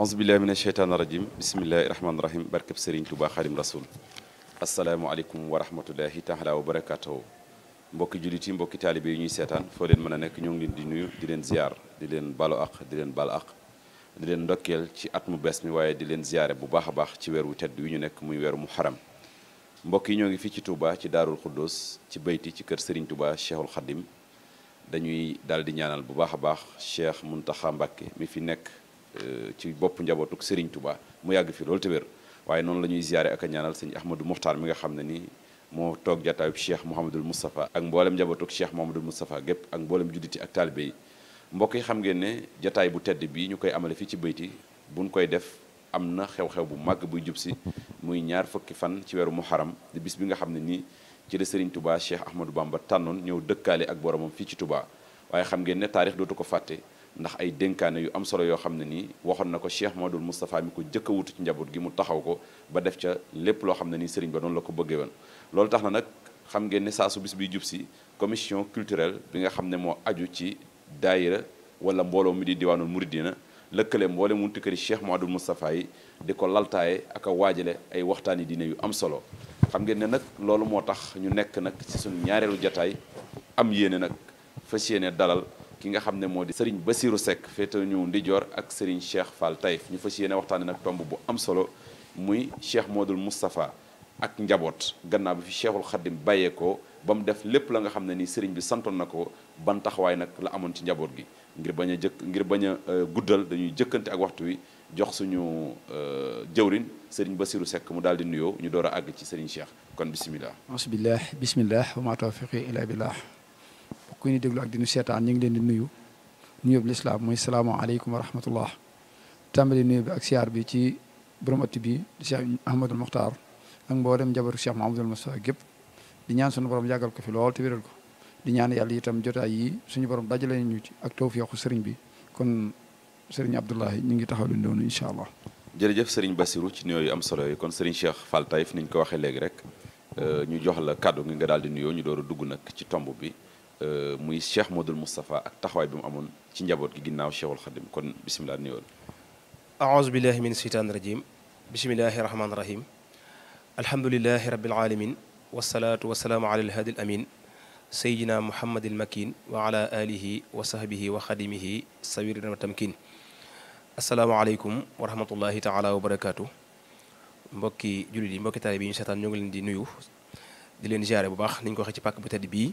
auzu billahi mina sheytaani rajim bismillahi rahmaani rahim barkeb Serigne Touba Xadim Rasoul asalaamualeykum wa rahmatullahi taala wa barakaatu mbokki jullit yi mbokki taalibe yi ñuy seetaan foo leen mën a nekk ñoo ngi leen di nuyu di leen ziar di leen balu ak di leen bal ak di leen ndokkeel ci at mu bees mi waaye di leen ziare bu baax a baax ci weer wu tedd wi ñu nekk muy weeru muharam mbokk yi ñoo ngi fii ci Touba ci Daarul Xuddoos ci bayti ci kër Serigne Touba Cheikhul Xadim dañuy daal di ñaanal bu baax a baax Cheikh Muntaxa Mbàkke mi fi nekk Euh, ci bopp njabootuk Serigne tubaa mu yàgg fi loolu te wér waaye noonu la ñuy ziare ak a ñaanal sëñ Ahmadou Moukhtar mi nga xam ne ni moo toog jataayu Cheikh Mouhamadul Moustapha ak mboolem njabootuk Cheikh Mouhamadul Moustapha gépp ak mboolem judditi ak taalibe yi mbokk yi xam ngeen ne jataay bu tedd bi ñu koy amale fii ci bayti buñ koy def am na xew-xew bu màgg buy jub si muy ñaar fukki fan ci weeru muharam di bis bi nga xam ne nii ci la Serigne Touba Cheikh Ahmadou Bamba tànnoon ñëw dëkkaale ak boromam fii ci Touba waaye xam ngeen ne taarix dootu ko fàtte ndax ay dénkaane yu am solo yoo xam ne nii waxoon na ko Cheikh Modou Moustapha mi ko jëkk a wutu ci njaboot gi mu taxaw ko ba def ca lépp loo xam ne nii sëriñ ba doon la ko bëggee woon loolu tax na nag xam ngeen ne saa su bis bi jub si commission culturelle bi nga xam ne moo aju ci daayira wala mbooloo mu di diwaanul na lëkkale mboolee mu munti këri Cheikh Modou Moustapha yi di ko laltaaye ak a waajale ay waxtaani diine yu am solo xam ngeen ne nag loolu moo tax ñu nekk nag ci suñu ñaareelu jataay am yéene nag fas yéene dalal ki nga xamne modi Serigne basirou sek féete ñu ndijor ak Serigne Cheikh Fall Taïf ñu fas waxtane nak tombu bu am solo muy Cheikh Modou Moustapha ak njabot ganna bi fi Cheikhul Khadim baye ko bam def lépp la nga xamne ni Serigne bi santon nako ban taxawaay nak la amon ci njabot gi ngir baña a jëkk ngir baña guddal dañuy jëkkante ak waxtu wi jox suñu jeewrin Serigne basirou sek mu daldi nuyo ñu doora ag ci Serigne Cheikh kon bismillah bismillah bismillah wa ma tawfiqi illa billah ku ñu déglu ak dinu seetaan ñu ngi leen di nuyu nuyu bi lislaam mooy salaamaaleykum wa rahmatullah tàmbali nuyu bi ak siyaar bi ci borom ëtt bi di Cheikh Ahmadul Mokhtar ak mboolem jabaru Cheikh Mahamadul Moustapha gépp di ñaan sunu borom yàggal ko fi lool te wéral ko di ñaan yàlla itam jotaay yi suñu borom dajale ñu ci ak tawfiixu sëriñ bi kon sëriñ Abdoulahi ñu ngi taxaw lu doonu incha allah. jërëjëf sëriñ Bassirou ci nuyoo yu am solo yi kon sëriñ Cheikh Fall Taïf ni ñu ko waxee léegi rek euh, ñu jox la kàddu gi nga daal di nuyoo ñu door a dugg nag ci tomb bi. muy cheikh Modou Moustapha ak taxawaay bi mu amoon ci njaboot gi ginnaaw cheikhul xadim kon bisimilah nuyool. aouzu billahi min seytaani rajim bisimilahi rahmaani rahim alhamdulilahi rabil aalamiin wasalaatu wasalaamu ala alhadi al amin sayidina muhammadil makin wa ala alihi wa sahbihi wa xadimihi sawirin wa tamkin asalaamaaleykum wa rahmatullahi taala wa barakaatu mbokki jullit yi mbokki taalibe yi ñu seetaan ñoo ngi leen di nuyu di leen ziare bu baax ni ñu ko waxee ci pàkk bu tedd bii.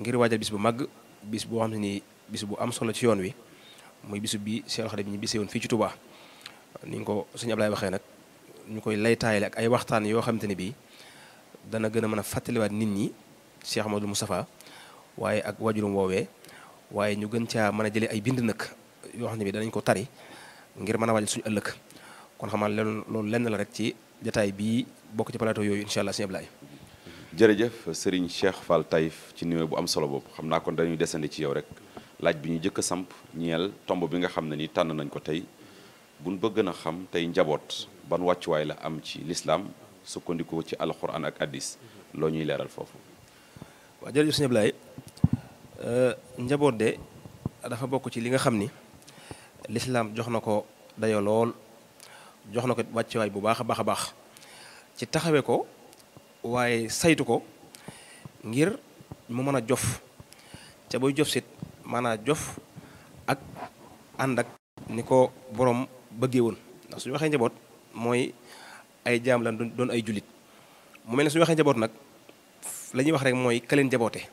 ngir waajal bis bu màgg bis boo xam ne nii bis bu am solo ci yoon wi muy bisu bi Cheikh Khadim ñu bisee woon fii ci Touba ni nga ko sëñ Ablaye waxee nag ñu koy laytaayale ak ay waxtaan yoo xamante ne bii dana gën a mën a fàttaliwaat nit ñi Cheikh Modou Moustapha waaye ak wajurum woowee waaye ñu gën caa mën a jëlee ay bind nag yoo xam ne bi danañ ko tari ngir mën a waajal suñu ëllëg kon xamaa loolu lenn la rek ci jataay bii bokk ci plateau yooyu incha allah sëñ Ablaye jërëjëf Serigne Cheikh Fall Taïf ci numéro bu am solo boobu xam naa kon dañuy desandi ci yow rek laaj bi ñu jëkk a samp ñeel tomb bi nga xam ne ni tànn nañ ko tey buñ bëgg na xam tey njaboot ban wàccuwaay la am ci lislaam sukkandiku ci alxuraan ak addis loo ñuy leeral foofu. waaw jërëjëf sëñ Ablaye euh, njaboot de dafa bokk ci li nga xam ni lislaam jox na ko dayo lool jox na ko wàccuwaay bu baax a baax a baax ci taxawee ko. waaye saytu ko ngir mu mën a jof ca buy jof sit maanaa jof ak ànd ak ni ko boroom bëggee woon ndax suñu waxee njaboot mooy ay jaam lan doon ay jullit mu mel ne suñu waxee njaboot nag la ñuy wax rek mooy kaleen njaboote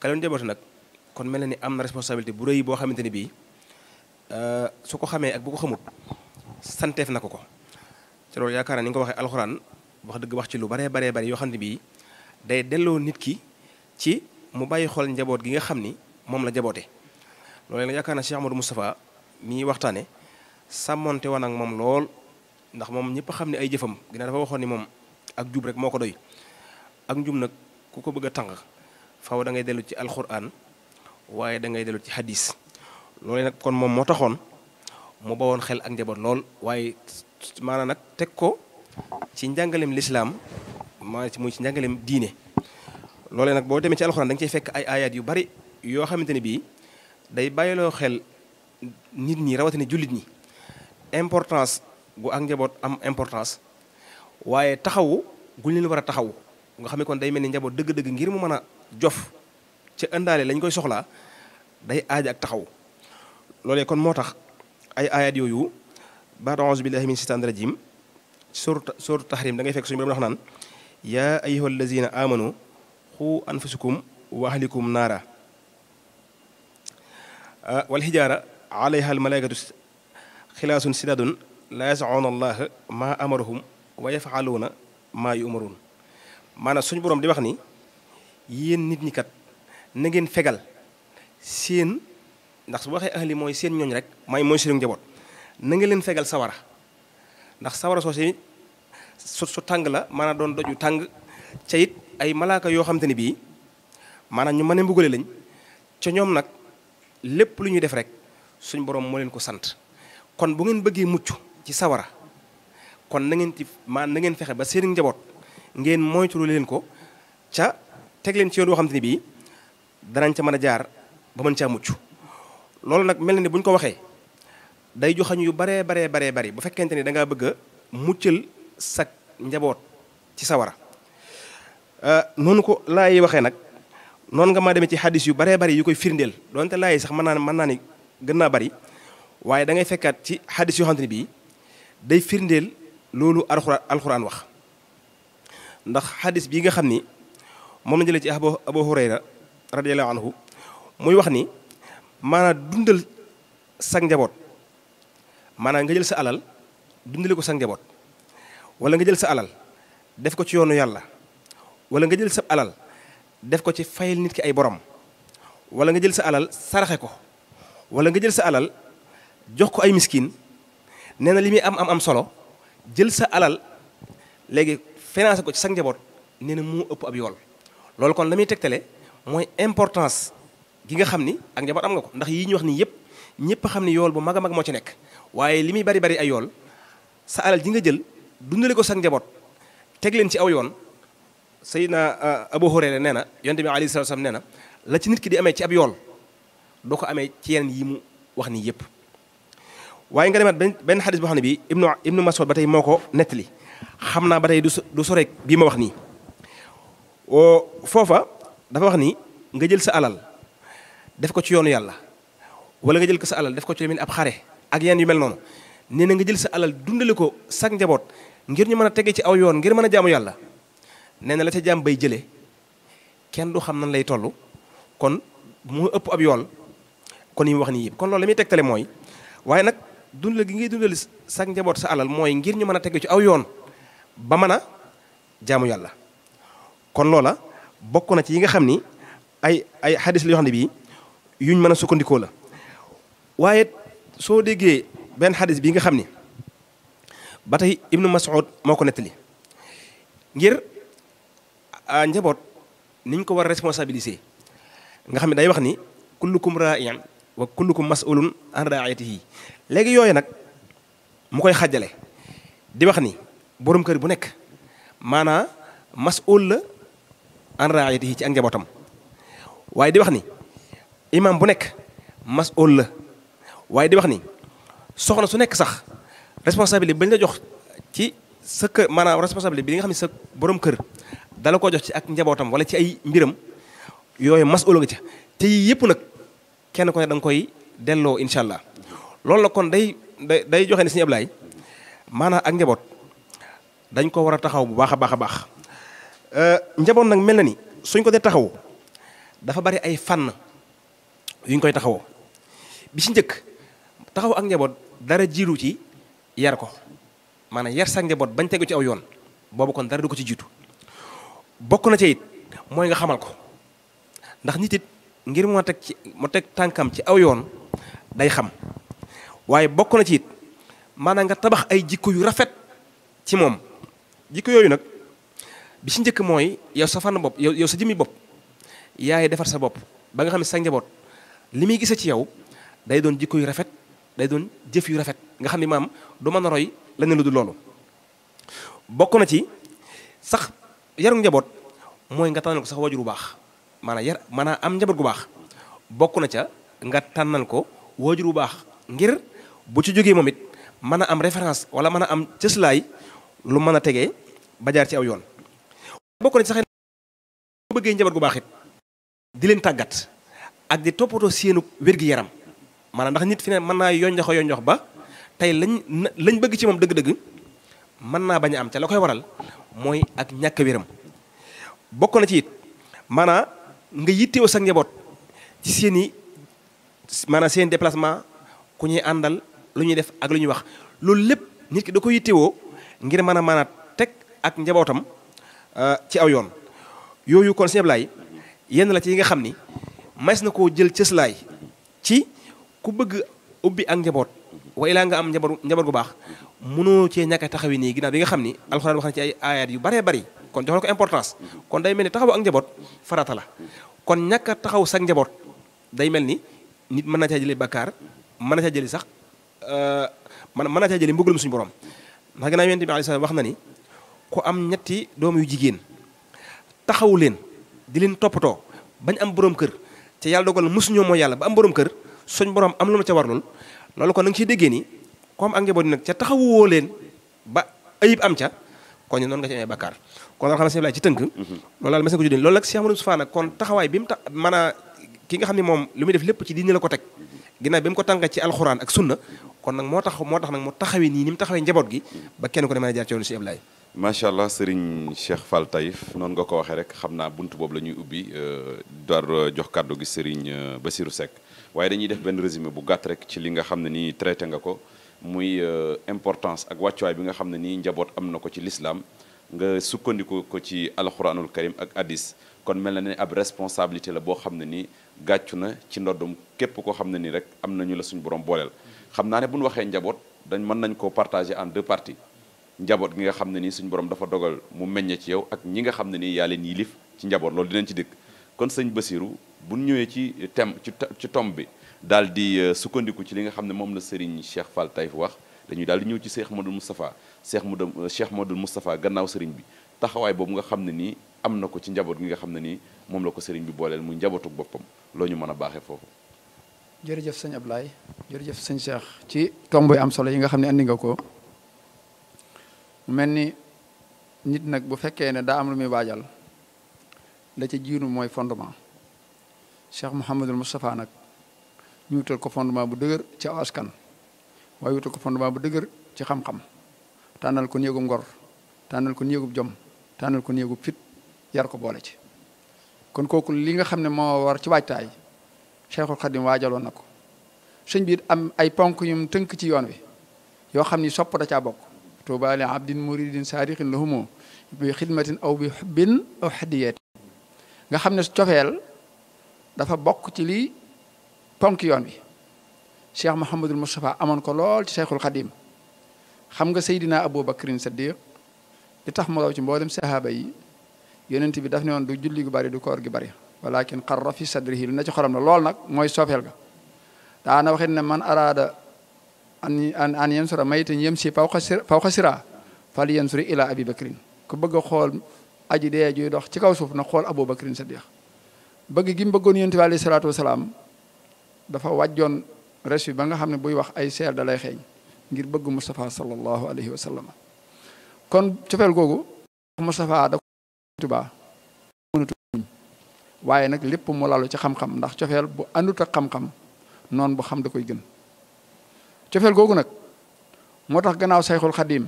kaleen jaboote nag kon mel na ni am na responsabilité bu rëy boo xamante ni bii euh, su ko xamee ak bu ko xamut santeef na ko ko te loolu yaakaar naa ni nga waxee alxuraan wax dëgg wax ci lu baree baree bari yoo xam ne bii day delloo nit ki ci mu bàyyi xool njaboot gi nga xam ni moom la jaboote loolu nag yaakaar naa Cheikh Amadou Moustapha mi waxtaane sàmmonte woon ak moom lool ndax moom ñëpp xam ne ay jëfam ginnaaw dafa waxoon ni moom ak jub rek moo ko doy ak njub nag ku ko bëgg a tànq faaw da ngay dellu ci alxuraan waaye da dellu ci hadis loolu nag kon moom moo taxoon mu bawoon xel ak njaboot lool waaye maanaam nag teg ko ci njangalem l'islam ma muy ci njangalem diine lolé nak bo démé ci alcorane dang ci fekk ay ayat yu bari yo xamanteni bi bii day bàyyiloo xel nit ñi rawatina julit ñi importance gu ak njabot am importance waaye taxawu guñ leen wara taxawu nga xamé kon day melni njabot deug deug ngir mu mëna jof ci andalé lañ koy soxla day aaji ak taxawu lolé kon motax ay ayat yoyu baat billahi min shaitanir rajim suurat suurat tahrim da ngay fekk suñu borom wax naan yaa ayyuha allazina amanu xu anfusakum wa ahlikum naara wal hijaara alayha al malaikatu xilaasun sidaadun laa yasacuuna allaha maa amarahum wa yafaluuna maa yumaruun maanaam suñu borom di wax ni yéen nit ñi kat na ngeen fegal seen ndax su waxee ahli mooy seen ñooñ rek may mooy seen njaboot na nga leen fegal sawara ndax sawara soosé su su tàng la mana don doju tang ca it ay malaka yo xamanteni bi, mana ñu mané a lañ ca ñom nak lepp luñu def rek suñ borom mo leen ko sante kon bu ngeen bëggee muccu ci sawara kon na ngeen ti man na ngeen fexé ba seen njabot ngeen moytulu leen ko ca teg leen ci yoon woo xamanteni bi dara bii ca jaar ba mën caa muccu nak melni buñ ko waxé day joxañ yu bare bare bare bare bu fekkente ni da nga bëgg a sa njabot ci sawara euh, nonu ko lay yi waxee nag noonu nga ma demé ci hadith yu bare bare yu koy firndel donte laa yi sax mën naa gën bari waye da ngay fekkat ci hadith yu xantini bi day firndel lolu alquran alquran wax ndax hadith bi nga xamni mom moom jël ci abu abu hurayra radiyallahu anhu muy wax ni mana dundal sak njabot maanaa nga jël sa alal dundale ko sa njaboot wala nga jël sa alal def ko ci yoonu yàlla wala nga jël sa alal def ko ci fayal nit ki ay borom wala nga jël sa alal saraxe ko wala nga jël sa alal jox ko ay miskin nee na li muy am am am solo jël sa alal léegi financé ko ci sa njaboot nee na moo ëpp ab yool loolu kon la muy tegtale mooy importance gi nga xam ni ak njaboot am nga ko ndax yi ñu wax nii yëpp ñëpp xam ni yool bu mag a mag moo ci nekk waye limi bari bari ay yool sa alal ji nga jël dundale ko sax njabot teg len ci aw yoon Seydina Abu Hurayra neena na yonte bi alayhi salaam nee na la ci nit ki di amé ci ab yool do ko amé ci yenen yi mu wax ni yëpp waye nga demat ben hadith bo boo bi ibnu ibnu Mas'ud batay moko netli xamna batay du soreek bii ma wax ni o fofa dafa wax ni nga jël sa alal def ko ci yoonu yàlla wala nga jël ko sa alal def ko ci min ab xare ak yeen yu mel noonu nee na nga jël sa alal dundale ko sag njaboot ngir ñu mën a tege ci aw yoon ngir mën a jaamu yàlla nee na la ca jaam bay jëlee kenn du xam nan lay toll kon mu ëpp ab yoon kon yi mu wax nii yëpp kon loolu li muy tegtale mooy waaye nag dundal gi ngay dundal sag njaboot sa alal mooy ngir ñu mën a tege ci aw yoon ba mën a jaamu yàlla kon loola bokk na ci yi nga xam ni ay ay xadis la yoo xam ne bii yuñ mën a sukkandikoo la waaye soo déggee benn xaalis bii nga xam ni ba tey ibnu Mas'ud moo ko nettali ngir njaboot niñ ko war a responsabiliser nga xam ne day wax ni kullukum raa'in wa kullukum mas'ulun an raa'iyatihi léegi yooyu nag mu koy xajale di wax ni borom kër bu nekk maanaa mas'ul la an raa'iyatihi ci ak njabootam waaye di wax ni imam bu nekk mas'ul la waye di wax ni soxna su nek sax responsabilité bañ la jox ci sa keur manam responsabilité bi nga xamni sa borom keur dala koo jox ci ak njabotam wala ci ay mbiram yoy mas'uula nga ci te yii nak kenn ko ne da koy delloo inshallah lolou la kon day day day joxe ni seigne mana manam ak njabot dañ ko wara taxaw bu baax a baax euh baax nak melni suñ ko de taxaw dafa bari ay fan yuñ koy taxaw bi ci taxaw ak njabot dara jiru ci yar ko maanaam yar sa njabot bañ teggu ci aw yoon bobu kon dara du ko ci jitu bokku na ci it moy nga xamal ko ndax nitit ngir mo tek ci mo tek tankam ci aw yoon day xam waye bokku na ci it maanaam nga tabax ay jikko yu rafet ci mom jikko yoyu nak bi ci njëkk moy yow sa fan bop yow sa jimi bop yaay defar sa bop ba nga xam sa njabot limi gisse ci yow day doon jikko yu rafet day doon jëf yu rafet nga xam ni maam du mën a roy la lu du loolu bokk na ci sax yaru njaboot mooy nga tànnal ko sax wajuru baax yar maanaam am njaboot gu baax bokk na ca nga tànnal ko wajuru bu baax ngir bu ci jógee momit mën a am référence wala mën a am cëslaay lu mën a tegee ba jaar ci aw yoon bokk na ci sax bëggee njaboot gu baax it di leen tàggat ak di toppatoo seenu wér-gi-yaram maanaam ndax nit fi ne mën naa yonjox yonjox ba tey lañ lañ bëgg ci moom dëgg-dëgg mën naa bañ a am ca la koy waral mooy ak ñàkk wéram bokk na ci it maanaam nga yittewoo sa njaboot ci seen i maanaam seen déplacement ku ñuy àndal lu ñuy def ak lu ñuy wax loolu lépp nit ki da ko yittewoo ngir mën a mën a teg ak njabootam euh, ci aw yoon yooyu kon sëñ yenn la ci yi nga xam ni mas na koo jël cëslaay ci ku bëgg ubbi ak njaboot wa ila nga am njabar njabar gu baax mëno ci ñaka taxawi ni ginnaaw bi nga xamni alcorane waxna ci ay ayat yu bare bare kon joxal ko importance kon day melni taxaw ak njaboot farata la kon ñaka taxaw sa njaboot day melni nit mëna ca jëli bakkar mëna ca jëli sax euh mëna ca jëli mbugul suñu borom ndax gëna yonent bi alayhi salaam waxna ni ku am ñetti doom yu jigéen taxawu leen di leen toppatoo bañ am borom kër ci yalla dogal mosuñoo mo yalla ba am borom kër suñ borom am lu ma ca warlul lolu ko nang ci ciy ni ko am ak bodi nak ca taxawu wo len ba ayib am ca ko ñu non nga ci ay bakkar ko daal xam ne sëñ ci teunk mhm. lolu la mas na ko juddee lolu ak Cheikh Amadou soufana kon taxaway bi mëna ki nga xam ne moom lu mi def lepp ci diine la ko tek ginnaaw bi mu ko tànka ci alxuraan ak sunna kon nag moo tax moo tax nag mu taxawee nii ni mu taxawee njaboot gi ba kenn ko ne mën a jaar ci yoonu Cheikh Ablaye macha allah Serigne Cheikh Fall Taïf noonu nga ko waxee rek xam naa bunt boobu la ñuy ubbi euh, door jox kàddu gi Serigne euh, Basirou Seck waaye dañuy def benn résumé bu gàtt rek ci li nga xam ne nii traité nga ko muy euh, importance ak wàccuwaay bi nga xam ne nii njaboot am na ko ci lislaam nga sukkandiku ko ci alxuraanul karim ak addis kon mel na ne ab responsabilité la boo xam ne nii gàccu na ci ndoddum képp koo xam ne nii rek am nañu la suñu borom booleel xam naa ne bu ñu waxee njaboot dañ mën nañ ko partagé en deux parties njaboot gi nga xam ne ni suñu borom dafa dogal mu meññe ci yow ak ñi nga xam ne nii yaa leen yilif ci njaboot loolu dinañ ci dëkk kon sëñ Basiru bu ñëwee ci thème ci ci tomb bi dal di euh, sukkandiku ci li nga xam ne moom la Serigne Cheikh Fall Taïf wax dañuy daal di ñëw ci Cheikh Modou Moustapha Cheikh Modou euh, Cheikh Modou Moustapha gannaaw sëriñ bi taxawaay boobu nga xam ne nii am na ko ci njaboot gi nga xam ne nii moom la ko Serigne bi booleel muy njabootuk boppam loo ñu mën a baaxee foofu. jërëjëf sëñ Ablaye jërëjëf sëñ Cheikh ci tomb yu am solo yi nga xam ne andi nga ko mel ni nit nag bu fekkee ne daa am lu muy waajal la ci jiinu mooy fondement. Cheikh Mouhamadul Moustapha nag ñu wutal ko fondement bu dëgër ci aw askan waaye wutal ko fondement bu dëgër ci xam-xam tànnal ko néegub ngor tànnal ko néegub jom tànnal ko néegub fit yar ko boole ci kon kooku li nga xam ne moo war ci waajtaay Cheikhul Khadim waajaloon na ko sëñ bi am ay ponk yum tënk ci yoon wi yoo xam ni sopp da caa bokk tuuba li abdin muridin saadixin lahumu bi xidmatin aw bi xubbin aw hadiyati nga xam ne cofeel dafa bokk ci li ponk yoon bi cheikh mohammed al Moustapha amon ko lol ci cheikhul khadim xam nga sayidina Seydina Aboubacrin Saddiq li tax mo raw ci mbolam sahaba yi yonent bi daf ne won du julli gu bari du koor gi bari walakin qarra fi sadrihi lu na ci xoram la lol nak moy sofel ga da na waxe ne man arada an an yansura maytan yamsi fawqa sira fal yansuri ila abi bakr ku beug xol aji de juy dox ci kaw suuf na xol xool Aboubacrin Saddiq bëgg gi mu bëggoon yonent bi alayhi salaatu wasalaam dafa ba nga xam ne buy wax ay seer da lay ngir bëgg Moustapha sallallahu alayhi wa sallam kon cofeel googu Moustapha da ko waaye nag lépp mu lalu ci xam-xam ndax cofeel bu àndut ak xam-xam noonu bu xam da koy gën cofeel googu nag moo tax gannaaw sayxul xadiim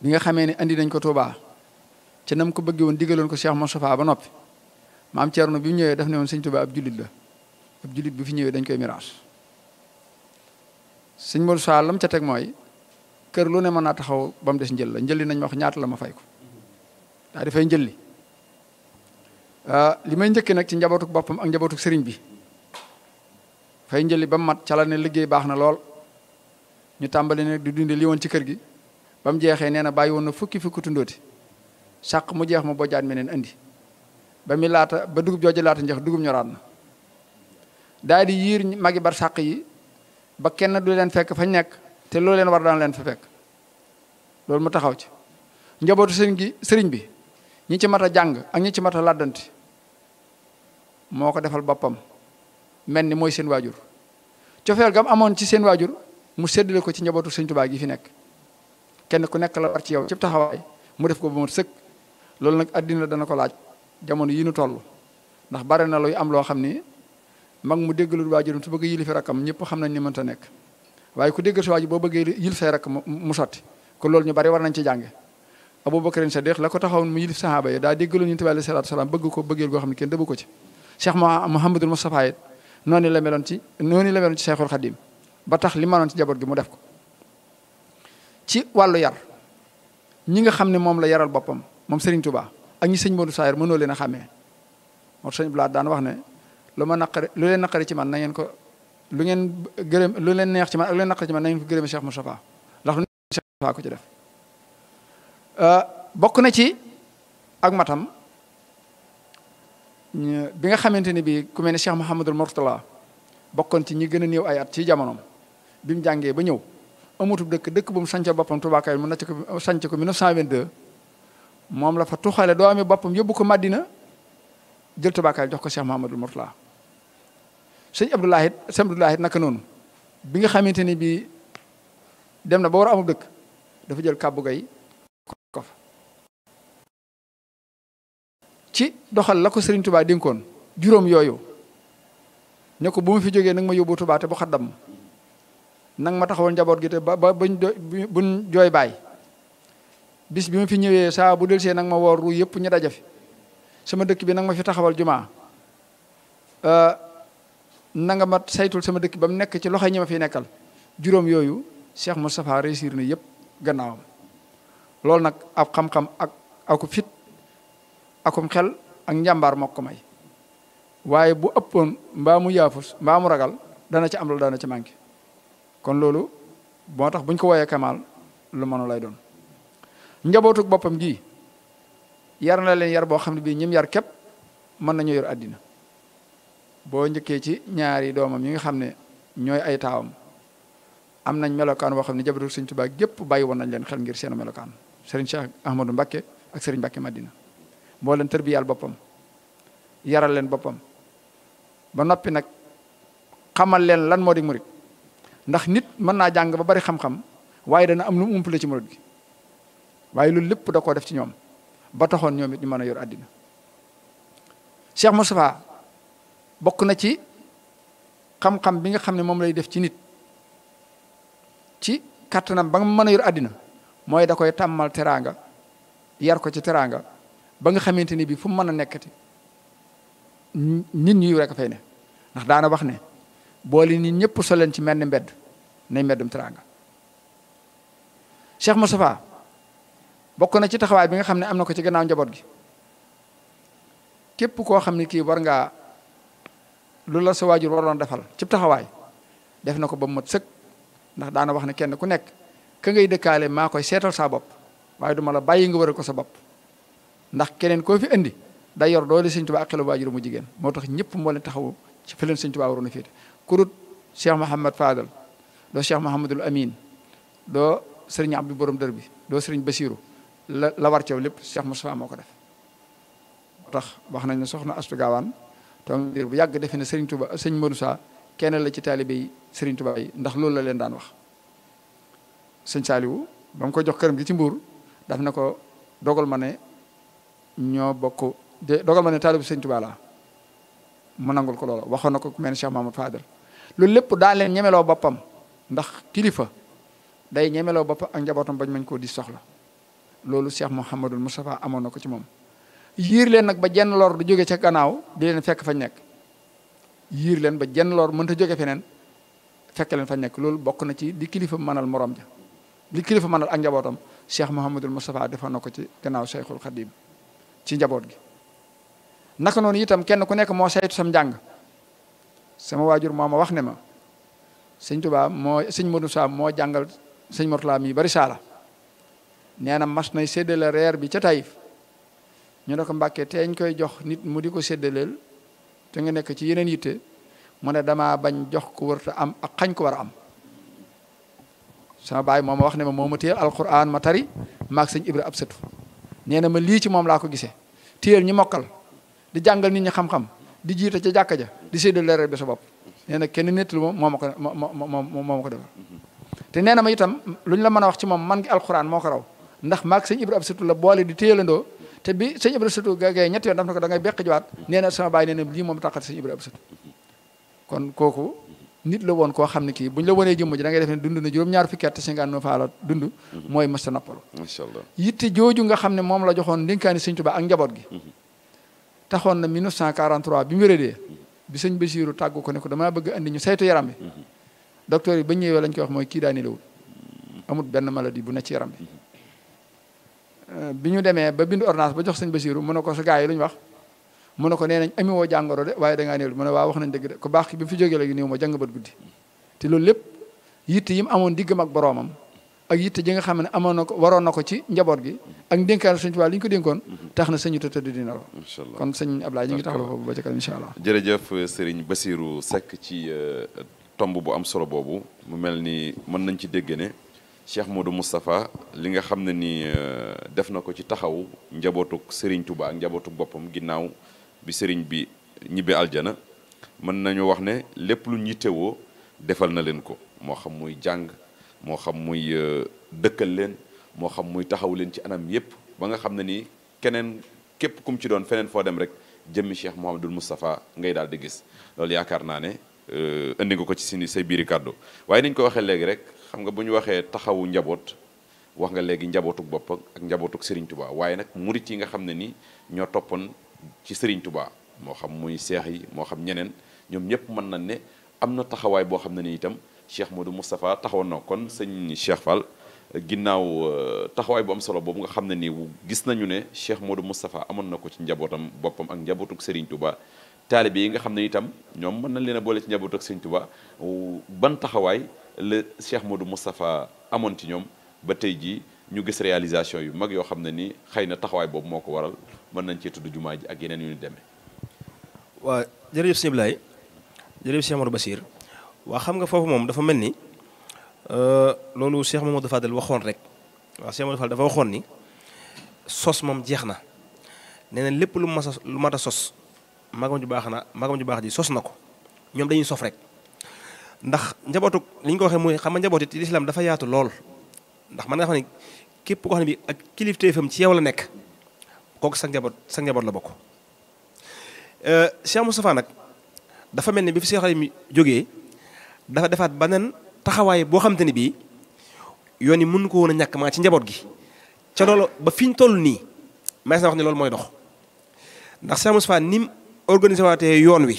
bi nga xamee ne indi nañ ko Tuubaa ci nam ko bëggee woon digaloon ko Cheikh Moustapha ba noppi maam Thierno bi mu ñëwee def ne woon sëñ Tuubaa ab jullit la ab jullit bu fi ñëwee dañ koy miraas sëñ Modou la lam ca teg mooy kër lu ne mën naa taxaw ba mu des njël la njëlli nañ ma wax ñaata la ma fay ko daa dafay njëlli ah, li may njëkki nag ci njabootuk boppam ak njabootuk sëriñ bi fay njëlli ba mu mat calal ne liggéey baax na lool ñu tàmbali nag di dunde li woon ci kër gi ba mu jeexee nee na bàyyi woon na fukki fukki tundooti sàq mu jeex ma bojjaat meneen andi ba mi laata ba dugub jooju laata njëx dugub ñoraat na daal di yiir magi bar sàq yi ba kenn du leen fekk fañ nekk te loolu leen war daan leen fa fekk loolu mu taxaw ci njabootu sëriñ gi sëriñ bi ñi ci mat a jàng ak ñi ci mat a làddanti moo ko defal boppam mel ni mooy seen waajur cofeel gam amoon ci seen waajur mu séddale ko ci njabootu sëriñ Tuubaa gi fi nekk kenn ku nekk la war ci yow ci taxawaay mu def ko ba mu sëkk loolu nag àddina dana ko laaj jamono yii nu toll ndax bare na luy am loo xam ni mag mu déggalul waajuram su bëgg yilifi rakkam ñëpp xam nañ ni mënta nekk waaye ku déggal si waajur boo bëggee yilif say rakk mu sotti ko loolu ñu bari war nañ ci jànge aboubacarin sadiq la ko taxawoon mu yilif sahaaba yi daa déggaloon ñu tabi alayhi salaatu salaam bëgg ko bëggeel goo xam ne kenn dëbb ko ci cheikh mouhamadul moustapha it noonu la meloon ci noonu la meloon ci cheikhul xadim ba tax li manoon ci jaboot gi mu def ko ci wàllu yar ñi nga xam ne moom la yaral boppam moom Serigne Touba ak ñi seigne Modou Saayir mëno leena xamé mo seigne blad daan wax né lu ma naqari lu leen naqari ci man na ngeen ko lu ngeen gërem lu leen neex ci man ak leen naqari ci man na ngeen ko gërëme Cheikh Moustapha ndax lu Cheikh Moustapha ko ci def euh, bokku na ci ak matam bi nga xamanteni bi ku melni cheikh mohammed al murtala bokkon ci ñi gëna neew ay at ci jamonoom bi mu jàngee ba ñëw amutub dëkk dëkk bu mu sancé boppam tuba kay mu nacc ko sancé ko 1922 moom la fa tuxale amee boppam yóbbu ko Madina jël tubaakaay jox ko Cheikh Mouhamadul Mourtala sëñ Abdoulahi sëñ Abdoulahi naka noonu bi nga xamante ni bii dem na ba war a amub dëkk dafa jël kàbbu gay ko ci doxal la ko Serigne Touba dénkoon juróom yooyu ne ko bu ma fi jógee nag ma yóbbu Touba te bu xaddam nag ma taxawal njaboot gi te ba ba buñ jooy baay bis bi ma fi ñëwee saa bu del see nag ma woor ru yëpp ñu daja fi sama dëkk bi nag ma fi taxawal jumaa na nga mat saytul sama dëkk ba mu nekk ci loxo ñi ma fi nekkal juróom yooyu Cheikh mustapha réussir na yëpp gannaawam lool nag ab xam-xam ak aku fit akum xel ak njàmbaar moo ko may waaye bu ëppoon mbaa mu yaafus mbaa mu ragal dana ci am loolu dana ci manqué kon loolu moo tax buñ ko woyee kamaal lu mënu lay doon njabootuk boppam gi yar na leen yar boo xam ne ñim yar kep, mën nañu yor àddina boo njëkkee ci ñaari doomam yi nga xam ne ñooy ay taawam am nañ melokaan boo xam ne njabootuk Sëriñ Tuubaa gépp bàyyi woon nañ leen xel ngir seen melokaan Sëriñ Cheikh Ahmadou Mbacké ak Sëriñ Mbacké Madina moo leen tërbiyal boppam yaral leen boppam ba noppi nag xamal leen lan moo di murit ndax nit mën naa jàng ba bari xam-xam waaye dana am lu mu umpale ci murit gi waaye loolu lépp da koo def ci ñoom ba taxoon ñoom it ñu mën a yor àddina Cheikh Moustapha bokk na ci xam-xam bi nga xam ne moom lay def ci nit ci kattanam ba nga mën a yor àddina mooy da koy tàmmal teraanga yar ko ci teraanga ba nga xamante ni bi fu mu mën a nekkati nit ñuy fay ne ndax daana wax ne boole nit ñëpp soleen ci mel mbedd nay mbeddum teraanga Cheikh Moustapha bokk na ci taxaway bi nga xamne amna na ko ci gannaaw njabot gi kep ko xam ki war nga lu la sa waajur waroon defal ci taxaway def na ba mu mat sëkk ndax daana wax ne kenn ku nek ka ngay dëkkaale ma koy seetal sa bop way duma la bayyi nga wëral ko sa bop ndax keneen ko fi indi da yor doole sëñ Tuubaa ak xelu mu jigen motax ñepp mo le taxaw ci fi leen touba Tuubaa waroon kurut Cheikh mohammed Fadal do Cheikh mohammedul Amin do serigne Abdou borom derbi do serigne basirou Basiru la la war ceew lépp Cheikh Moustapha moo ko def tax wax nañ ne soxna Astu Gaawaan toog diir bu yàgg defe na Serigne Touba sëñ Modou Sa la ci taalibe yi Serigne yi ndax loolu la leen daan wax sëñ Saliou ba mu ko jox këram gi ci mbuur daf na ko dogal ma ne ñoo bokk de dogal ma ne taalibu sëñ Touba laa mu nangul ko loola waxoon na ko mel ni Cheikh Mamadou Fadel loolu lépp daa leen ñemeloo boppam ndax kilifa day ñemeloo boppa ak njabootam bañ mañ koo di soxla loolu Cheikh Mouhamadul Moustapha amoon na ko ci moom yiir leen nag ba jenn lor di jóge ca gannaaw di leen fekk fañ nekk yiir leen ba jenn lor mënta jóge feneen fekk leen fañ nekk loolu bokk na ci li kilifa mënal moroom ja li kilifa mënal ak njabootam Cheikh Mouhamadul Moustapha defoon na ko ci gannaaw Cheikhul Khadim ci njaboot gi naka noonu itam kenn ku nekk moo saytu sam njàng sama waajur moo ma wax ne ma sëñ Tuubaa moo sëñ Modou Sa moo jàngal sëñ Mortala mi bari nee na mas nay séddale reer bi ca Taïf ñu ne ko Mbàkke teeñ koy jox nit mu di ko séddaleel te nga nekk ci yeneen yitte mu ne damaa bañ jox ko warta am xañ ko war a am sama baay moom ma wax ne ma moo ma téyel alquran ma tari maag sëñ Ibra ab sëtu nee na ma lii ci moom laa ko gisee téyel ñi mokkal di jàngal nit ñi xam-xam di jiite ca jàkka ja di séddale reer bi sa bopp nee na kenn nettalu moom moo ma ko moo ma ko defal mm-hmm. te nee na ma itam lu la mën a wax ci moom man gi alquran ndax maak sëñ Ibra Absatu la boole di téyelandoo te bi sëñ Ibra Absatu gagee ñetti yoon daf na ko da ngay bekk jiwaat nee na sama baay nee na lii moom taqat sëñ Ibra Absatu kon kooku nit la woon koo xam ne kii bu ñu la wonee jëmm ji da ngay def ne dund ñaar fukki at cinquante neuf ans la dund mhm. mooy mës ta noppalu macha allah yitte jooju nga xam ne moom la joxoon ndénkaani sëñ Tuubaa ak njaboot gi mhm. taxoon na 1943 bi mu wéradee mhm. bi sëñ Basiiru ko ne ko damaa bëgg andi ñu saytu yaram bi docteur yi ba ñëwee lañ koy wax mooy kii daa nelawul amut benn maladie bu ne ci yaram bi Euh, bi ñu demee ba bind ordonnance ba jox sëñ Basiiru mu ne ko sa gars yi lu ñu wax mu ko nee nañ ami woo jàngoro de waaye da ngaa néew waa wax nañ dëgg de ku baax ki bi fi jógee léegi néew ma jàng bët guddi te loolu lépp yitte yi mu amoon diggam ak boroomam ak yitte ji nga xam ne amoon na ko waroon na ko ci njaboot gi ak ndénkaan sëñ Tuubaa li ñu ko dénkoon tax na sëñu tëdd dina la kon sëñ Ablaye ñu ngi taxaw foofu ba ca kanam incha allah jërëjëf sëriñ Basiiru Seck ci euh, tomb bu am solo boobu mu mel ni mën nañ ci dégg Cheikh Modou Moustapha li nga xam ne ni euh, def na ko ci taxaw njabootuk Serigne Touba ak njabootuk boppam ginnaaw bi sëriñ bi ñibbi aljana mën nañu wax ne lépp lu ñittewoo defal na leen ko moo xam muy jàng moo xam muy euh, dëkkal leen moo xam muy taxaw leen ci anam yépp ba nga xam ne nii keneen képp kum ci doon feneen foo dem rek jëmmi Cheikh Mouhamadul Moustapha ngay daal di gis loolu yaakaar naa ne euh, indi nga ko ci sini say biiri kàddu waaye niñ ko waxee léegi rek xam nga bu ñu waxee taxawu njaboot wax nga léegi njabootuk bopp ak njabootuk Serigne Touba waaye nag murit yi nga xam ne ni ñoo toppoon ci Serigne tubaa moo xam muy seex yi moo xam ñeneen ñoom ñëpp mën na ne am na taxawaay boo xam ne ni itam Cheikh Modou Moustapha taxawoon na kon sëñ Cheikh Fall ginnaaw euh, taxawaay bu solo boobu nga xam ne ni gis nañu ne Cheikh Modou Moustapha amoon na ko ci njabootam boppam ak njabootuk Serigne Touba taalibe yi nga xam ne itam ñoom mën na leen a boole ci njabootuk Serigne Touba ban taxawaay. la Cheikh Modou Moustapha amoon ci ñoom ba tey jii ñu gis réalisation yu mag yoo xam ne ni xëy na taxawaay boobu moo ko waral mën nañ cee tudd jumaa ji ak yeneen yu ñu demee. waaw jërëjëf sëñ Ablaye jërëjëf Cheikh Modou waa xam nga foofu moom dafa mel ni euh, loolu Cheikh Mamadou Fadel waxoon rek waaw Cheikh Mamadou Fadel dafa waxoon ni sos moom jeex na nee lépp lu mas mat a sos magam ju baax na magam ju baax ji sos na ko ñoom dañuy sof rek. ndax njabootu li ñu ko waxee muy xam nga njaboot dafa yaatu lool ndax man nga xam ne képp koo xam ne bi ak kilifteefam ci yow la nekk kooku sa njaboot sa njaboot la bokk euh, Cheikh Moustapha nak dafa melni bi fi Cheikh Xadim joge dafa defat banen taxaway bo xamanteni bi ni bii ko wona ñak ma ci njabot gi ci loolu ba fiñ tollu ni ma sax wax ne dox ndax Cheikh Moustapha nim organiser waté yoon wi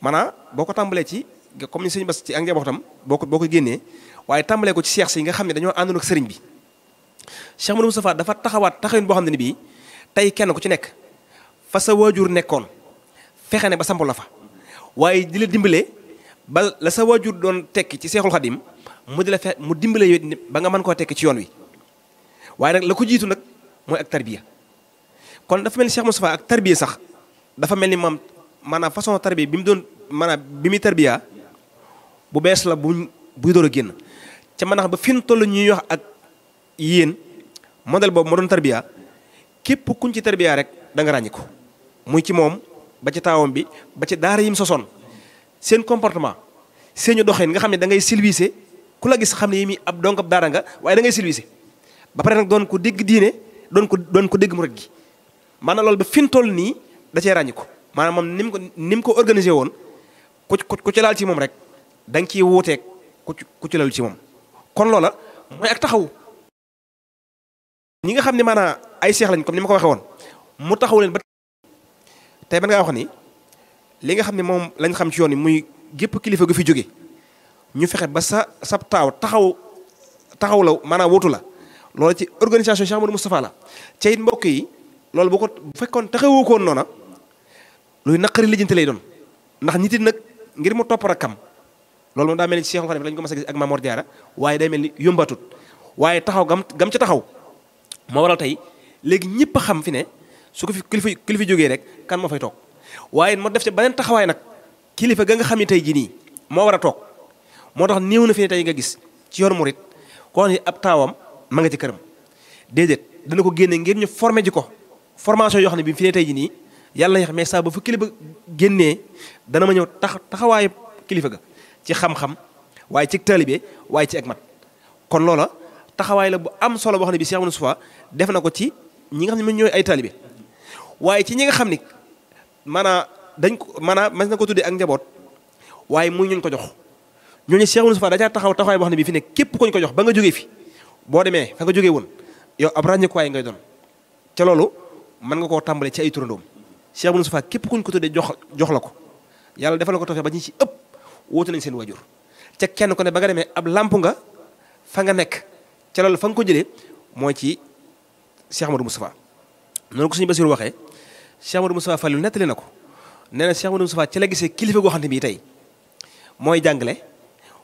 mana boko tambalé ci comme ni sëñ Bass ci ak njabootam boo ko boo ko génnee waaye tàmbalee ko ci seex si nga xam ne dañoo àndoon ak sëriñ bi Cheikh Modou dafa taxawaat taxawin boo xam ne ni bii tey kenn ku ci nekk fa sa waajur nekkoon fexe ne ba samp la waaye di la dimbale ba la sa waajur doon tekki ci seexul mu di la mu dimbale yow ba nga mën koo tekki ci yoon wi waaye nag la ko jiitu nag mooy ak kon dafa mel ni Cheikh Moustapha ak sax dafa mel ni moom maanaam façon tarbiya bi mu doon maanaam bi muy bu bes la bu bu door genn ci manax ba fin mu ñuy wax ak yeen model boobu modon tarbiya kep kuñ ci tarbiya rek da nga rañiko muy ci mom ba ci tawam bi ba ci daara yim soson seen comportement seenu doxine nga xamni da ngay silvisé ku la gis xamni yimi ab daara nga waaye da ngay silvisé ba pare nak don ko deg diine don ko don ko mu rek gi maanaam loolu ba fin toll da ci rañiko manam nim ni ko ni mu ko organisé woon ku ku ci laal ci mom rek da nga ciy wuuteeg ku ku ci lalu ci moom kon loola mooy ak taxaw ñi nga xam ne maanaam ay seex lañ comme ni ma ko waxee woon mu taxaw leen ba te ban ngaa wax ni li nga xam ne moom lañ xam ci yoon yi muy gépp kilifa gu fi jóge ñu fexe ba sa sab taaw taxaw taxaw la maanaam wutu la loolu ci organisation Cheikh Amadou Moustapha la ca it mbokk yi loolu bu ko bu fekkoon taxawoo koon noona luy naqari lijjante lay doon ndax nit nag ngir mu topp rakkam loolu moom daa mel ni Cheikh Mouhamed ko mas a gis ak Mamor Diarra waaye day mel ni yombatut waaye taxaw gam gam ca taxaw moo waral tey léegi ñëpp a xam fi ne su ko fi kilifa kilifa jógee rek kan moo fay toog waaye moo def ca beneen taxawaay nag kilifa ga nga xam ne tey jii nii moo war a toog moo tax néew na fi ne tey nga gis ci yoonu murit koo xam ne ab taawam ma nga ci këram déedéet dana ko génne ngir ñu forme ji ko formation yoo xam ne bi fi ne tey jii nii yàlla na xam mais saa ba fu kilifa génnee dana ma ñëw tax taxawaayu kilifa ga. ci xam-xam waaye ci taalibe waaye ci ak kon loola taxawaay la bu am solo boo xam ne bi Cheikh Moustapha def na ko ci ñi nga xam ne ñooy ay taalibe waaye ci ñi nga xam ni maanaa dañ ko maanaa mas na ko tuddee ak njaboot waaye muy ñuñ ko jox ñooñu Cheikh Moustapha dajaa taxaw taxawaay boo xam ne bi fi ne képp koñ ko jox ba nga jógee fi boo demee fa nga won. Yo yow ab ràññikuwaay ngay doon ca loolu mën nga koo tàmbale ci ay turandoom Cheikh Moustapha képp kuñ ko tuddee jox jox la ko yàlla defal na ko tawfeex ba ci ëpp wuute nañ seen wajur ca kenn ku ne ba nga demee ab làmp nga fa nga nekk ca loolu fa nga ko jëlee mooy ci Cheikh Amadou Moustapha noonu ko suñu Basiru waxee Cheikh Amadou Moustapha Fallu nettali na ko nee na Cheikh Amadou ci la gisee kilifa goo xam ne tey mooy jàngale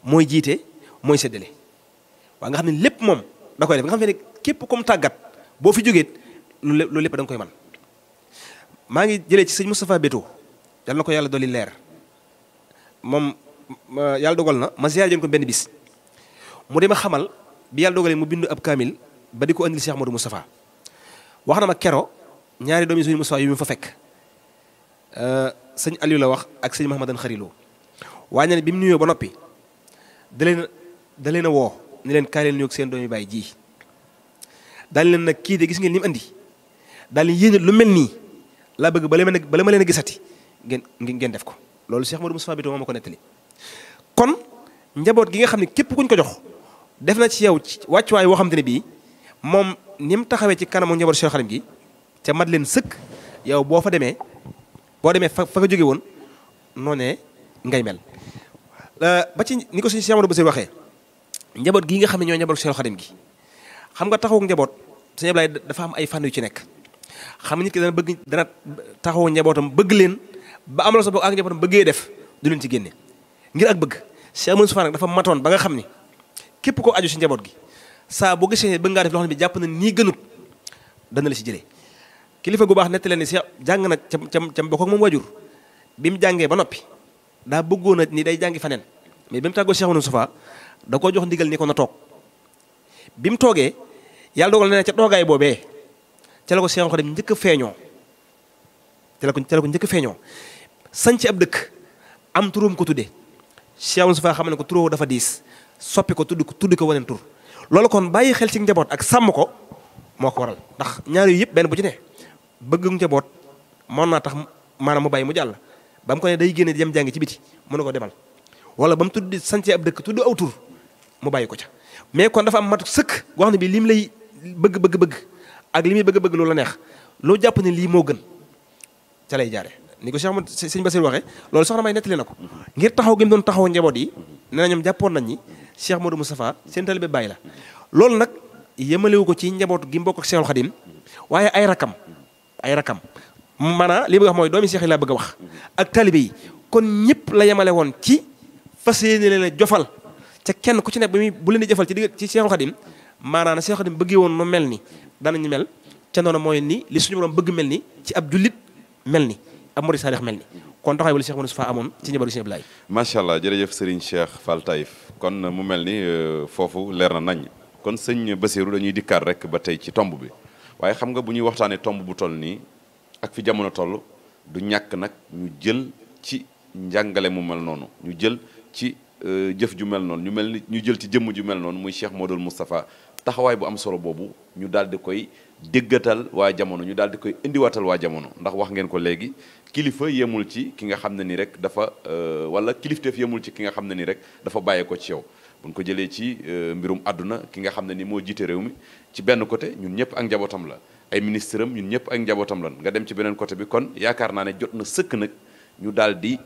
mooy jiite mooy seddale waaw nga xam ne lépp moom da koy def nga xam ne képp comme tàggat boo fi jógee loolu lépp danga koy man maa ngi jëlee ci sëñ Moustapha Béto yal ko yàlla dolli leer yàlla dogal na ma ziyaare joon ko benn bis mu dema xamal bi yàlla dogalee mu bindu ab kaamil ba di ko andil Cheikh Modou Moustapha wax na ma kero ñaari doomi suñu Moustapha yu mu fa fekk sëñ Aliou la wax ak sëñ Mahamadan Xarilo waaye ne bi mu nuyoo ba noppi da leen da leen a woo ni leen kaay leen nuyoog seen doomi bàyyi ji daal leen nag kii de gis ngeen ni mu andi daal leen yéene lu mel nii laa bëgg bala ma leen a gisati ngeen ngeen def ko loolu Cheikh Modou Moustapha bi to ma ko nettali kon njabot gi nga xamni kep kuñ ko jox def na ci yow wàccuwaay way wo xamni bi mom nim taxawé mu taxawee ci kanamu njaboot Cheikh khalim gi ca madeleine seuk yow bo fa démé bo démé fa fa jogé won noné ngay mel. Euh, ba ci ni ko Cheikh Amadou Bassirou waxé njabot gi nga xamni ne ñoo njaboot Cheikh khalim gi xam nga taxawu njabot Sëñ Ablaye dafa am ay fànn yu ci nek xam nit ki dana bëgg dana taxaw njabotam bëgg leen ba amal sa bok ak njabotam bëggé def du leen ci génné ngir ak bëgg Cheikh Amadou Soufane dafa matoon ba nga xam ni képp ko aju si njaboot gi saa boo gisee bëgg ngaa def loo ne bi jàpp na nii gënut dana la si jëlee kilifa gu baax nett leen ni jàng na cam cam cam bokk ak moom wajur bi mu jàngee ba noppi daa bëggoon a ni day jàngi faneen mais bi mu tàggoo Cheikh Amadou Soufane da koo jox ndigal ni ko na toog bi mu toogee yàlla dogal na ne ca toogaay boobee ca la ko Cheikh Khadim njëkk a feeñoo ca la ko ca njëkk a feeñoo sañ ab dëkk am Cheikh Moustapha xam ne ko turoo dafa diis soppi ko tudd ko tudd ko waneen tur loolu kon bàyyi xel ci njaboot ak sàmm ko moo ko waral ndax ñaar yu yëpp benn bu ci ne bëgg njaboot mën naa tax maanaam mu bàyyi mu jàll ba mu ko ne day génne dem jàngi ci biti mu ko demal wala ba mu tudd sancee ab dëkk tudd aw tur mu bàyyi ko ca mais kon dafa am mat sëkk goo xam ne bi lim lay bëgg bëgg bëgg ak li muy bëgg bëgg loolu la neex loo jàpp ne lii moo gën ca lay jaare niko Cheikh Ahmad seigne Bassir waxe lolou soxna may nettali nako ngir taxaw gi mu doon taxaw njaboot yi nee ñom ñoom nañ ni Cheikh Modou Moustapha seen talibé bàyyi la loolu nag ko ci njaboot gi mbok ak Cheikhul Khadim waaye ay rakam ay rakam mana li bëgg wax moy doomi Cheikh la bëgg wax ak talibé kon ñepp la yemalé won ci fas leen jofal ca kenn ku ci nek bu muy bu leen di jofal ci digg ci Cheikhul Khadim maanaam Cheikhul Khadim bëggee won nu melni ni ñu mel ci nono moy ni li suñu borom bëgg melni ci ab julit melni ab murid saalix mel ni kon amoon ci njabaru Sëñ Ablaay macha allah jërëjëf Serigne Cheikh Fall kon mu mel ni euh, foofu leer na nañ kon sëñ Bassirou dañuy dikkaat rek ba tey ci tomb bi waaye xam nga bu ñuy waxtaanee tomb bu toll nii ak fi jamono toll du ñàkk nag ñu jël ci njàngale mu mel noonu ñu jël ci euh, jëf ju mel noonu ñu mel ni ñu jël ci jëmm ju mel noonu muy Cheikh Modou Moustapha taxawaay bu am solo boobu ñu daal di koy déggatal waa jamono ñu daal di koy indiwaatal waa jamono ndax wax ngeen ko léegi kilifa yemul ci ki nga xam ne ni rek dafa euh, wala kilifteef yemul ci ki nga xam ne ni rek dafa bàyyee ko ci yow buñ ko jëlee ci euh, mbirum àdduna ki nga xam ne ni moo jiite réew mi ci benn côté ñun ñëpp ak njabootam la ay ministre am ñun ñëpp ak njabootam lan nga dem ci beneen côté bi kon yaakaar naa ne jot na sëkk nag ñu daal di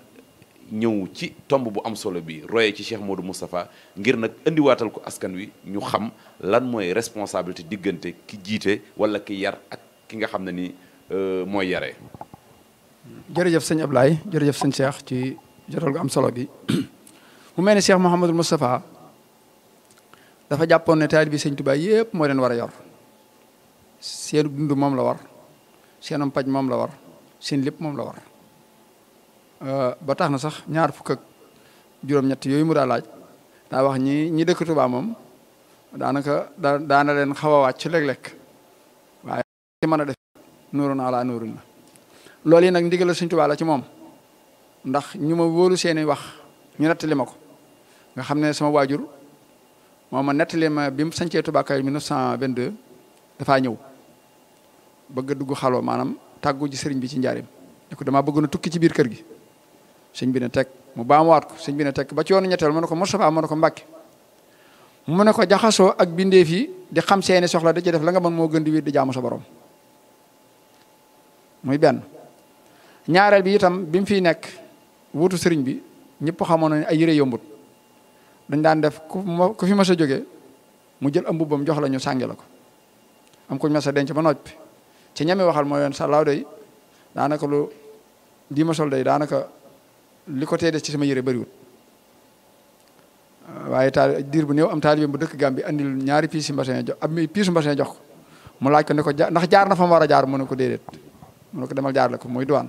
ñëw ci tomb bu am solo bi royee ci Cheikh Modou Moustapha ngir nag indiwaatal ko askan wi ñu xam lan mooy responsabilité diggante ki jiite wala ki yar ak ki nga xam ne ni euh, mooy yaree. jërëjëf sëñ Ablaye jërëjëf sëñ Cheikh ci jotal gu am solo bi mu mel ne Cheikh Mouhamadul Moustapha dafa jàppoon ne taalibe sëñ Tuubaa yëpp moo leen war a yor seen dund moom la war seenum paj moom la war seen lépp moom la war. Euh, ba tax na sax ñaar fukk juróom-ñett yooyu mu daa laaj daa wax ñi ñi dëkk Tuubaa moom daanaka da daana leen xaw a ci léeg-léeg waaye ci mën a def nuuru naa laa nuuru na loolu yi nag ndigal la Sëñ Tuubaa la ci moom ndax ñu ma wóolu seeni wax ñu nettali ma ko nga xam ne sama waajur moom ma nettali bi mu sancee Tuubaa kay 1922 dafaa ñëw bëgg a dugg xaloo maanaam tàggu ji sëriñ bi ci njaarim ne ko damaa bëgg na tukki ci biir kër gi sëñ bi ne tek mu baamuwaat ko sëñ bi ne tek ba ci yoonu ñettal mu ne ko Moustapha mu ne ko Mbacke mu ne ko jaxasoo ak bindeef yi di xam seeni soxla da ci def la nga mën moo gën di wér di jaamu sa borom muy benn ñaareel bi itam bi mu fiy nekk wutu sëriñ bi ñëpp xamoon ay yére yombut dañ daan def ku fi mas a jógee mu jël am mbubbam jox la ñu sànge la ko am kuñ denc ba noppi ci ñami waxal mooy yoon sa day daanaka lu di ma sol day daanaka li ko tee des ci sama yére bëriwul waaye taal diir bu néew am taalibeem bu dëkk Gàmbi andil ñaari piisi mbasin jox am piisu mbasin jox ko mu laaj ko ne ko ja ndax jaar na fa mu war a jaar mu ne ko déedéet mu ko demal jaar ko muy duwaan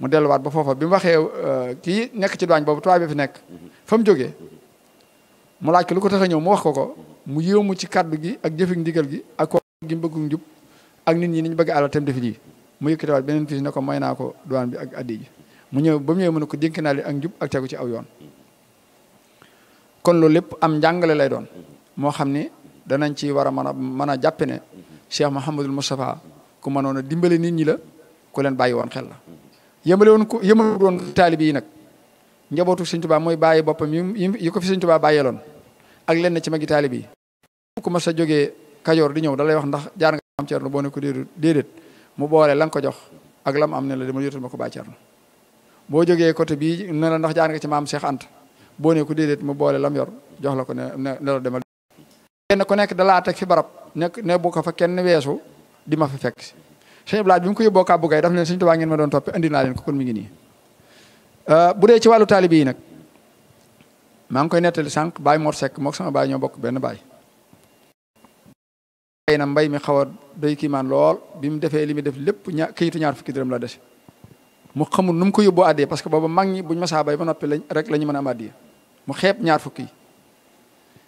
mu delluwaat ba foofa bi mu waxee euh, kii nekk ci duwaan boobu tubaab bi fi nekk fa mu jógee mu laaj ko lu ko tax ñëw mu wax ko ko mu yéemu ci kàddu gi ak jëfik ndigal gi ak ko gi mu bëggu njub ak nit ñi ni ñu bëgg àlal tam defi lii mu yëkkatiwaat beneen piis ne ko may naa ko duwaan bi ak addi ji mu ñëw ba mu ñëw mu ne ko dénk naa leen ak njub ak tegu ci aw yoon kon loolu lépp am njàngale lay doon moo xam ni danañ ci war a mën a mën a jàppe ne Cheikh Mouhamadul Moustapha ku mënoon a dimbale nit ñi la ku leen bàyyi woon xel la yëmale woon ko yëmale woon taalibi yi nag njabootu sëñ Tuubaa mooy bàyyi boppam yi yi ko fi sëñ Tuubaa loon ak lenn ci magi taalibi yi ku ma sa jógee Kajoor di ñëw da lay wax ndax jaar nga am Cerno boo ne ko déedéet mu boolee lan ko jox ak lam am ne la dama yotal ko bàyyi bo joge côté bi na la ndax jaar nga ci mam Cheikh ant bo ne ko dedet mu boole lam yor jox la ko ne la demal ko nek da la teg fi barab nek ne bu ko fa kenn wessu di ma fa fek sëñ blaaj bi mu ko yóbboo kàbbu gay daf ne seigne touba ngeen ma don topi andina len ko kon mi ngi euh bu de ci walu talibi nak ma ngi koy netali sank bay Mor sek mok sama bay ñoo bok ben bay ay na mbay mi xawa a doy kiimaan lool bi mu defé limi def lepp ña kayitu ñaar fukki dërëm la dess mu xamul num ko yobbo mangi parce que booba mag ñi buñ sa bay ba nopi lañ rek lañu mëna am adé mu xép ñaar fukki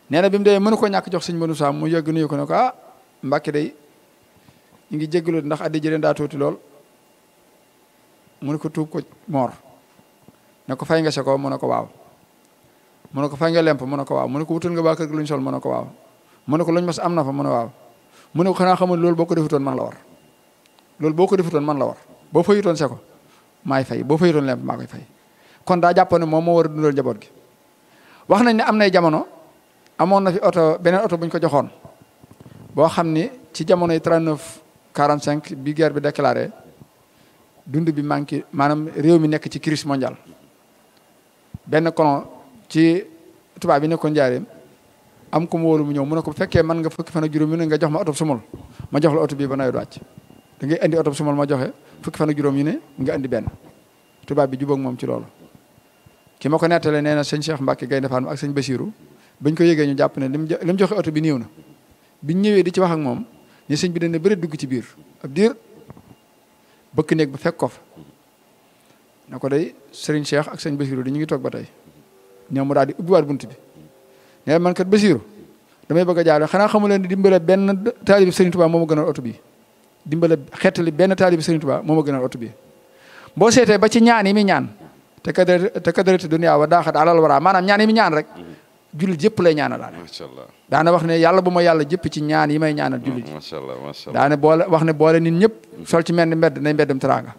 néna bimu na mënu ko ñak jox señ mënu sa mu yegg nuyu ko nako ah mbacké day ngi jégalu ndax adé jëlé nda tuti lool ko ko mor nako fay nga ko mu waaw mu fay nga lemp mu waaw mu ko wutul nga sol mu waaw mu ko luñ mas am na fa mu waaw mu ko xana xamul loolu boko defuton man la war boko defuton man la war sa ko maay fay boo fayutoon lemp maa koy fay kon daa jàppoon ne moom moo war a dundal njaboot gi wax nañ ne am nay jamono amoon na fi oto beneen oto bu ko joxoon boo xam ni ci jamono yi 39 45 bi geer bi déclaré dund bi manqué maanaam réew mi nekk ci crise mondiale benn colon ci tubaab bi nekkoon njaareem am ku mu wóolu mu ñëw mu ne ko fekkee mën nga fukki fan ak juróom mu ne nga jox ma oto sumul ma jox la oto bii ba nawet wàcc da ngay andi oto sumal ma joxe fukki fan juróom yu ne nga andi benn tubaab bi jubóog moom ci loolu. ki ma ko nettalee nee na sëñ Cheikh Mbacke Gaynde Fatma ak sëñ Bassirou bañ koy yëgee ñu jàpp ne lim lim joxe oto bi néew na biñ ñëwee di ci wax ak moom ne sëñ bi dana bëri dugg ci biir ab diir bëkk néeg ba fekk ko fa na ko dey sëriñ Cheikh ak sëñ Bassirou di ñu ngi toog ba tey ñoom mu daa di ubbiwaat bunt bi nee man kat Bassirou damay bëgg a jaarale xanaa xamu leen ne dimbale benn taalibi sëriñ Tuubaa moomu gënal oto bi dimbale xettali benn taalibi Sëriñ Tuubaa a ma gënal oto bi boo seetee ba ci ñaan yi mi ñaan te kadar te kadarati dunya wa daaxat alal waraa maanaam ñaan yi ñaan rek mhm. jullit yëpp lay ñaanal daane daana wax ne ci ñaan yi may ñaanal jullit yi daane boole wax ne boole nit ñëpp mhm. sol ci mel mbedd nay mbeddam teraanga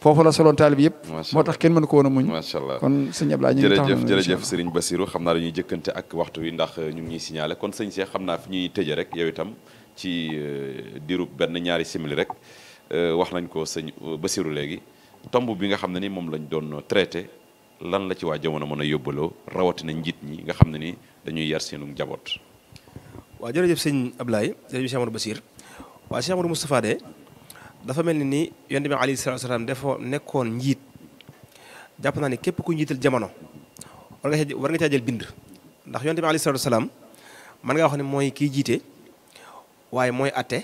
foofu la soloon taalib yëpp moo tax kenn mën ko woon a muñ kon sëñ Ablaye ñu ngi jërëjëf jërëjëf sëriñ Basirou xam naa dañuy jëkkante ak waxtu wi ndax euh, ñu ngi ñuy signalé kon sëñ Cheikh xam naa ñuy tëje rek yow itam ci euh, dirub benn ñaari simili rek euh, wax nañ ko sëñ Basiru léegi tomb bi nga xam ne ni moom lañ doon traité lan la ci waa jamono mën a yóbbaloo rawatina njiit ñi nga xam ne ni dañuy yar seenu njaboot. waa jërëjëf sëñ Ablaye sëñ Cheikh Amadou Basir waaw Cheikh Amadou Moustapha dafa mel ni ni yonent bi alayhi salaatu salaam dafa nekkoon njiit jàpp naa ne képp ku njiital jamono war nga caa war bind. ndax yonent bi alayhi salaatu salaam mën ngaa wax ne mooy kiy jiite. waaye mooy atte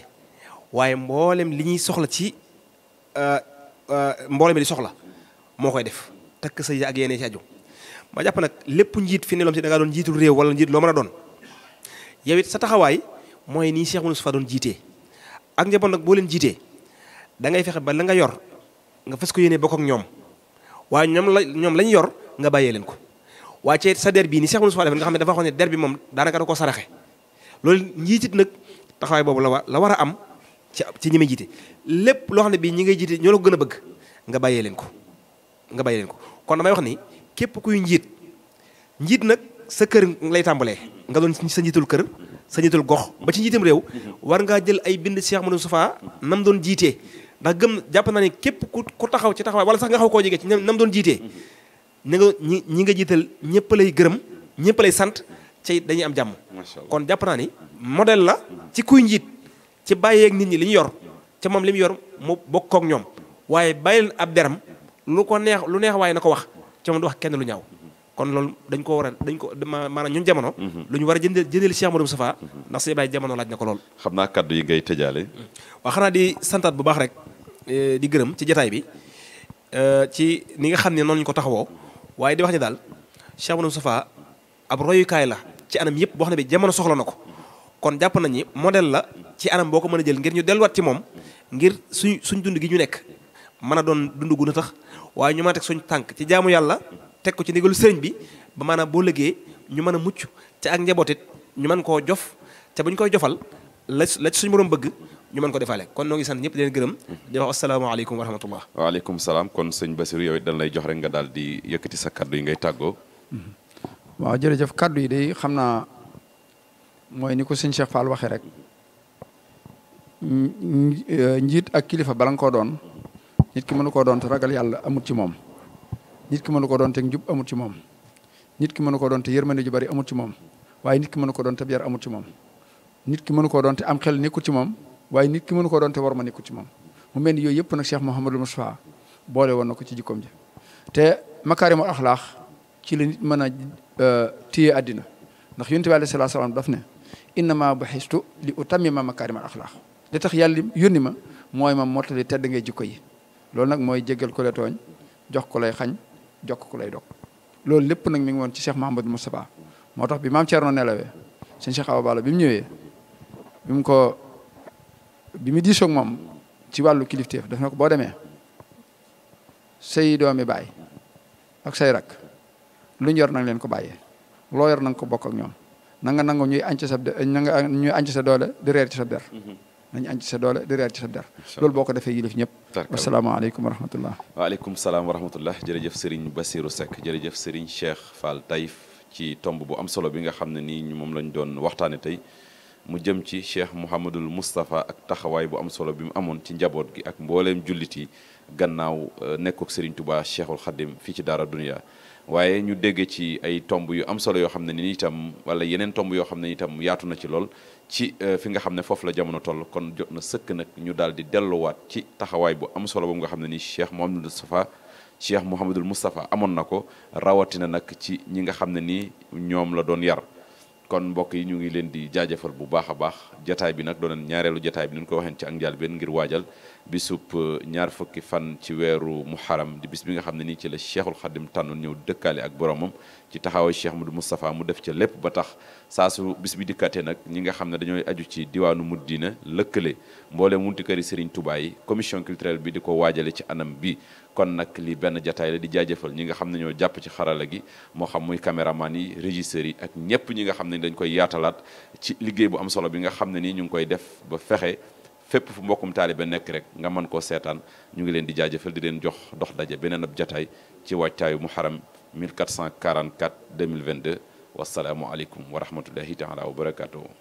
waaye mboolem li ñuy soxla ci euh, euh, mboolem di soxla moo koy def takk sa ak yéene ci aju ma jàpp nag lépp njiit fi ne loom si da doon njiitul réew wala njiit loo mën a doon yow it sa taxawaay mooy nii Cheikh Moustapha doon jiitee ak njaboot nag boo leen jiitee da fexe ba la nga yor nga fas ko yéene bokk ak ñoom waaye ñoom la ñoom lañ yor nga bàyyee leen ko waaye ci sa der bii ni Cheikh Moustapha def nga xam ne dafa waxoon ne der bi moom daanaka da koo saraxe loolu njiitit nag taxawaay boobu la war la war a am ci ci ñi may jiite lépp loo xam ne bii ñi ngay jiite ñoo la ko gën a bëgg nga bàyyee leen ko nga bàyyee leen ko kon damay wax ni képp kuy njiit njiit nag sa kër lay tàmbalee nga doon sa njiitul kër sa njiitul gox ba ci njiitam réew war ngaa jël ay bind Cheikh Modou Moustapha nam doon jiitee ndax gëm jàpp naa ne képp ku ku taxaw ci taxawaay walla sax nga xaw koo jege ci nam doon jiitee ñi nga ñi nga jiital ñëpp lay gërëm ñëpp lay sant ci it dañuy am jàmm. kon jàpp naa ni la ci kuy njiit ci bàyyeeg nit ñi li ñu yor ca moom li mu yor mu bokk ak ñoom waaye bàyyi ab deram lu ko neex lu neex waaye na ko wax ca moom du wax kenn lu ñaaw. kon loolu dañ ko war a dañ ko maanaam ñun jamono mhm. lu ñu war a jënd jëndeel Cheikh Modou Moustapha ndax si bàyyi jamono laaj na ko lool xam naa kaddu yi ngay tëjaale mhm. waaw xanaa di santaat bu baax rek e, di gërëm ci jataay bi e, ci ni nga xam ne noonu ñu ko taxawoo waaye di wax ni daal Cheikh Modou Moustapha ab royukaay la ci anam yëpp boo xam ne bi jamono soxla na ko kon jàpp nañ ni modèle la ci anam boo ko mën a jël ngir ñu delluwaat ci moom ngir suñ suñ dund gi ñu nekk mën a doon dund gu na tax waaye ñu mën a teg suñ tànk ci jaamu yàlla teg ko ci ndigalu sëñ bi ba maanaam boo liggéey ñu mën a mucc ci ak njabootit ñu mën koo jof te bu ñu koy jofal la la ci suñu borom bëgg ñu mën ko defaale kon noo ngi sant ñëpp di gërëm di wax asalaamaaleykum wa rahmatullah waaleykum salaam kon sëñ Basiru yow it dañ lay jox rek nga daal di yëkkati sa kaddu yi ngay tàggoo mm-hmm. waaw jërëjëf kàddu yi day xam naa mooy ni ko sëñ Cheikh Fall waxee rek njiit ak kilifa bala nga koo doon nit ki mënu koo doon te ragal yàlla amut ci moom nit ki mënu koo doon te njub amut ci moom nit ki mënu koo doon te yërmande ju bari amut ci moom waaye nit ki mënu doon te yar amut ci moom nit ki mënu koo doon te am xel nekkul ci moom waaye nit ki mënu koo doon te war ma nekkul ci moom mu mel ni yooyu yëpp nag Cheikh Mouhamadul Moustapha boole woon na ko ci jikkoom ji te makaarimul axlaax ci téye àddina ndax yonent bi alayhi salaatu salaam daf ne innama bu'istu li utammima makaarimal axlaaq li tax yàlla yónni ma mooy ma mottali tedd ngay jikko yi loolu nag mooy jéggal ku la jox ku lay xañ jokk ku lay dog loolu lépp nag mi ngi woon ci Cheikh Mahamadou Moustapha moo tax bi maam Thierno nelawee sëñ Cheikh Awa Balla bi mu ñëwee bim ko bi mu diisoog moom ci wàllu kilifteef daf ne ko boo demee say doomi baay ak say rakk lu ñor yor nang leen ko baye loo nang ko bokk ak ñom na nga nangu ñuy anci sa na nga ñuy anci sa doole di reer ci sa der mhm. nañ anci sa doole di reer ci sa der lool boko defé yilif ñep assalamu alaykum wa rahmatullah alaykum wa rahmatullah Serigne sek jere Serigne Cheikh Fall taif ci tombe bu am solo bi nga xamne ni ñu mom lañ doon waxtane tay mu jëm ci Cheikh mohammedul mustafa ak taxaway bu am solo bi mu amon ci njabot gi ak mbooleem jullit gannaaw euh, nekkok Serigne Touba Cheikhul Khadim fi ci dara dunya waaye ñu dégg ci ay tomb yu am solo yoo xam ne ni itam wala yeneen tomb yoo xam ne itam yaatu na ci lool ci euh, fi nga xam ne foofu la jamono toll kon jot na sëkk nag ñu daal di delluwaat ci taxawaay bu am solo boobu nga xam ne ni Cheikh Mouhamadul Moustapha Cheikh Mouhamadul Moustapha amoon na ko rawatina nag ci ñi nga xam ne nii ñoom la doon yar kon mbokk yi ñu ngi leen di jaajëfal bu baax a baax jataay bi nag doon ñaareelu jataay bi nañ ko waxeen ci ak njaal benn waajal bisub euh, ñaar fukki fan ci weeru xaram di bis bi nga xam ne nii ci la cheikhul xadim tànnoon ñëw dëkkaale ak boromam ci taxawal cheikh Modou Moustapha mu def ca lépp ba tax saa su bis bi dikkatee nag ñi nga xam ne dañooy aju ci diwaanu Muddina lëkkale mbooleem wunti këri Serigne Touba yi commission culturelle bi di ko waajale ci anam bi kon nag li benn jataay la di jaajëfal ñi nga xam ne ñoo jàpp ci xarala gi moo xam muy caméraman yi régisseurs yi ak ñëpp ñi nga xam ne dañ koy yaatalaat ci liggéey bu am solo bi nga xam ne nii ñu ngi koy def ba fexe fépp fu mbokkum taalibe nekk rek nga mën koo seetaan ñu ngi leen di jaajëfal di leen jox dox daje beneen ab jataay ci waajtaayu muharam 1444 2022 wasalaamualeykum wa rahmatullahi taala wa barakatuhu